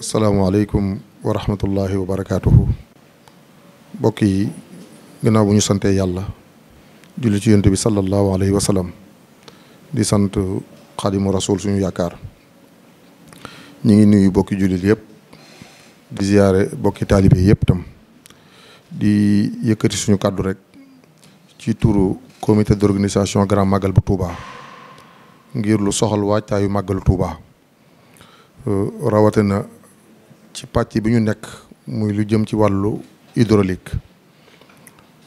asalaamaaleykum wa rahmatullahi wa barakaatuhu mbokk yi gannaaw bu ñu santee yàlla julli ci yonent bi sallallahu alayhi wa sallam di sant xadimu rasul suñu yaakaar ñu ngi nuy bokki jullit yëpp di ziyaare bokki taalibe yëpp tam di yëkkati suñu kàddu rek ci turu comité d'organisation grand màggal bu Touba ngir lu soxal yu màggalu Touba rawatina ci pàcc bi ñu nekk muy lu jëm ci wàllu hydraulique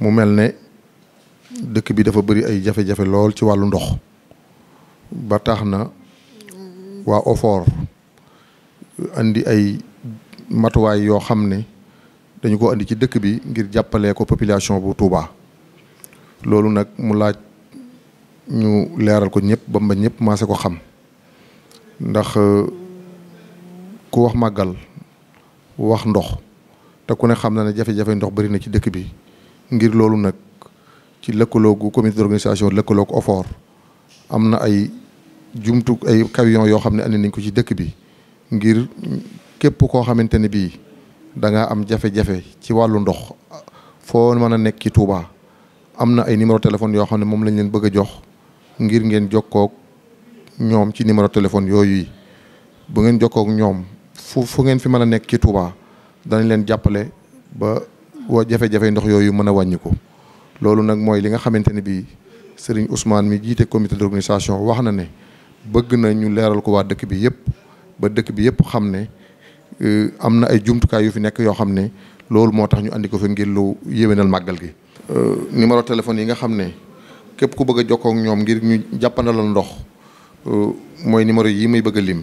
mu mel ne dëkk bi dafa bari ay jafe-jafe lool ci wàllu ndox ba tax na waa OFOR andi ay matuwaay yoo xam ne dañu ko indi ci dëkk bi ngir jàppale ko population bu Touba loolu nag mu laaj ñu leeral ko ñépp ba mba ñëpp maase ko xam ndax ku wax màggal wax ndox te ku ne xam na ne jafe-jafe ndox bëri na ci dëkk bi ngir loolu nag ci lëkkaloogu comité d'organisation lëkkaloogu ofoor am na ay jumtu ay camion yoo xam ne andi nañ ko ci dëkk bi ngir képp koo xamante ne bii da nga am jafe-jafe ci wàllu ndox foo mën a nekk ci Touba am na ay numéro téléphone yoo xam ne moom lañ leen bëgg a jox ngir ngeen jokkoog ñoom ci numéro téléphone yooyu yi bu ngeen jokkoog ñoom fu fu ngeen fi mën a nekk ci Touba danañ leen jàppale ba wa jafe-jafe ndox yooyu mën a wàññiku loolu nag mooy li nga xamante ne bii Serigne Ousmane mi jiite comité d'organisation wax na ne bëgg na ñu leeral ko waa dëkk bi yëpp ba dëkk bi yëpp xam ne euh, am na ay jumtukaay yu fi nekk yoo xam ne loolu moo tax ñu andi ko fi ngir lu yéwénal màggal gi. Euh, numéro téléphone yi nga xam ne képp ku bëgg a jokkoo ak ñoom ngir ñu jàppandalal ndox euh, mooy numéro yii muy bëgg a lim.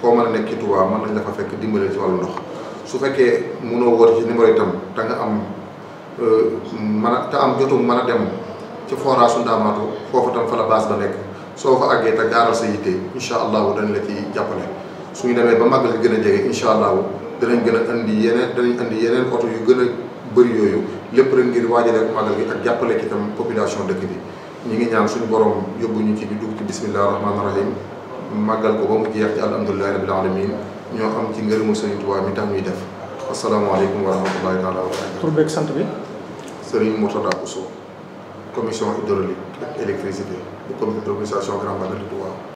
foo man a nekk ci Touba mën nañ la fa fekk dimbale ci wàllu ndox su fekkee mënoo woote ci numéro itam te nga am euh, mën a te am jotum mën a dem ci forage su Ndaamaatu foofu tam fa la base ba nekk soo fa àggee te gaaral sa yitte incha allahu dañ la ci jàppale suñu demee ba màggal gën a jege incha allahu danañ gën a indi yeneen danañ indi yeneen oto yu gën a bëri yooyu lépp rek ngir waajale ak màggal gi ak jàppale ci itam population dëkk bi ñu ngi ñaan suñu borom yóbbu ñu ci di dugg ci bismillah rahmaani rahim maggal ko ba mu jeex ci alhamdulilahi rabbil alamin ñoo am ci ngërëmu Sëriñ Tuubaa mi tax ñuy def asalaamaaleykum wa rahmatullahi taala wa barakatu tur beeg sant bi Sëriñ Mourtada Bousso commission hydraulique ak électricité bu comité d'organisation Grand Magal de Touba